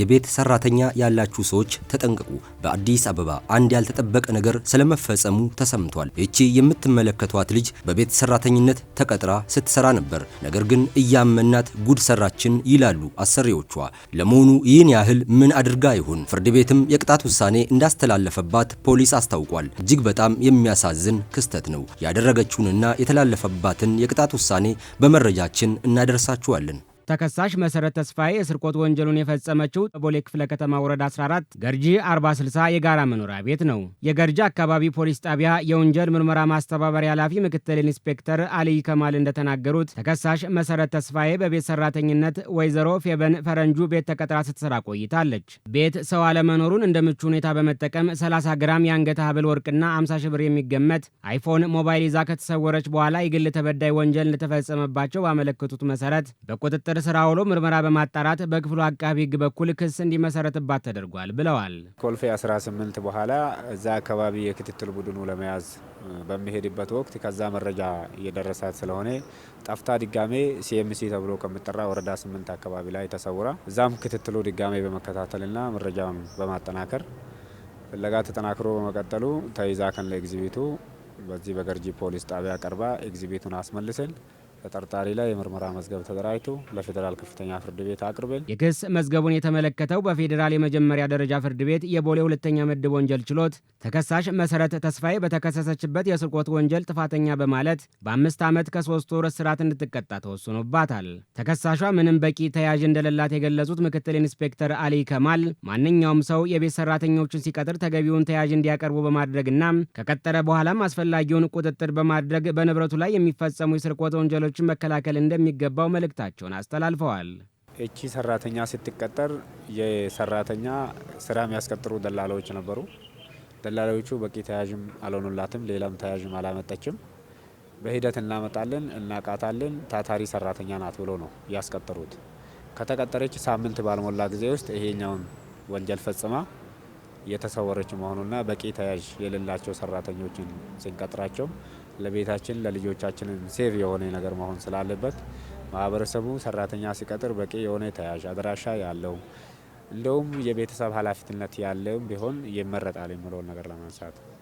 የቤት ሰራተኛ ያላችሁ ሰዎች ተጠንቀቁ። በአዲስ አበባ አንድ ያልተጠበቀ ነገር ስለመፈጸሙ ተሰምቷል። ይቺ የምትመለከቷት ልጅ በቤት ሰራተኝነት ተቀጥራ ስትሰራ ነበር። ነገር ግን እያመናት ጉድ ሰራችን ይላሉ አሰሪዎቿ። ለመሆኑ ይህን ያህል ምን አድርጋ ይሆን? ፍርድ ቤትም የቅጣት ውሳኔ እንዳስተላለፈባት ፖሊስ አስታውቋል። እጅግ በጣም የሚያሳዝን ክስተት ነው። ያደረገችውንና የተላለፈባትን የቅጣት ውሳኔ በመረጃችን እናደርሳችኋለን። ተከሳሽ መሰረት ተስፋዬ የስርቆት ወንጀሉን የፈጸመችው ቦሌ ክፍለ ከተማ ወረዳ 14 ገርጂ 460 የጋራ መኖሪያ ቤት ነው። የገርጂ አካባቢ ፖሊስ ጣቢያ የወንጀል ምርመራ ማስተባበሪያ ኃላፊ ምክትል ኢንስፔክተር አልይ ከማል እንደተናገሩት ተከሳሽ መሰረት ተስፋዬ በቤት ሰራተኝነት ወይዘሮ ፌበን ፈረንጁ ቤት ተቀጥራ ስትሰራ ቆይታለች። ቤት ሰው አለመኖሩን እንደ ምቹ ሁኔታ በመጠቀም 30 ግራም የአንገት ሀብል ወርቅና 50 ሺህ ብር የሚገመት አይፎን ሞባይል ይዛ ከተሰወረች በኋላ የግል ተበዳይ ወንጀል እንደተፈጸመባቸው ባመለከቱት መሰረት በቁጥጥር ቁጥጥር ስራ ውሎ ምርመራ በማጣራት በክፍሉ አቃቢ ህግ በኩል ክስ እንዲመሰረትባት ተደርጓል ብለዋል። ኮልፌ 18 በኋላ እዛ አካባቢ የክትትል ቡድኑ ለመያዝ በሚሄድበት ወቅት ከዛ መረጃ እየደረሳት ስለሆነ ጠፍታ ድጋሜ ሲኤምሲ ተብሎ ከምጠራ ወረዳ 8 አካባቢ ላይ ተሰውራ እዛም ክትትሉ ድጋሜ በመከታተልና መረጃም በማጠናከር ፍለጋ ተጠናክሮ በመቀጠሉ ተይዛ ከን ለኤግዚቢቱ በዚህ በገርጂ ፖሊስ ጣቢያ ቀርባ ኤግዚቢቱን አስመልሰን ተጠርጣሪ ላይ የምርመራ መዝገብ ተደራጅቶ ለፌዴራል ከፍተኛ ፍርድ ቤት አቅርበን የክስ መዝገቡን የተመለከተው በፌዴራል የመጀመሪያ ደረጃ ፍርድ ቤት የቦሌ ሁለተኛ ምድብ ወንጀል ችሎት ተከሳሽ መሰረት ተስፋዬ በተከሰሰችበት የስርቆት ወንጀል ጥፋተኛ በማለት በአምስት ዓመት ከሶስት ወር እስራት እንድትቀጣ ተወስኖባታል። ተከሳሿ ምንም በቂ ተያዥ እንደሌላት የገለጹት ምክትል ኢንስፔክተር አሊ ከማል ማንኛውም ሰው የቤት ሰራተኞችን ሲቀጥር ተገቢውን ተያዥ እንዲያቀርቡ በማድረግና ከቀጠረ በኋላም አስፈላጊውን ቁጥጥር በማድረግ በንብረቱ ላይ የሚፈጸሙ የስርቆት ወንጀሎች ወንጀሎችን መከላከል እንደሚገባው መልእክታቸውን አስተላልፈዋል። እቺ ሰራተኛ ስትቀጠር የሰራተኛ ስራ የሚያስቀጥሩ ደላላዎች ነበሩ። ደላላዎቹ በቂ ተያዥም አልሆኑላትም። ሌላም ተያዥም አላመጠችም። በሂደት እናመጣለን፣ እናቃታለን፣ ታታሪ ሰራተኛ ናት ብሎ ነው ያስቀጠሩት። ከተቀጠረች ሳምንት ባልሞላ ጊዜ ውስጥ ይሄኛውን ወንጀል ፈጽማ የተሰወረች መሆኑና በቂ ተያዥ የሌላቸው ሰራተኞችን ስንቀጥራቸው ለቤታችን ለልጆቻችንም ሴቭ የሆነ ነገር መሆን ስላለበት ማህበረሰቡ ሰራተኛ ሲቀጥር በቂ የሆነ ተያዥ አድራሻ ያለው እንደውም የቤተሰብ ኃላፊነት ያለ ቢሆን ይመረጣል የምለውን ነገር ለማንሳት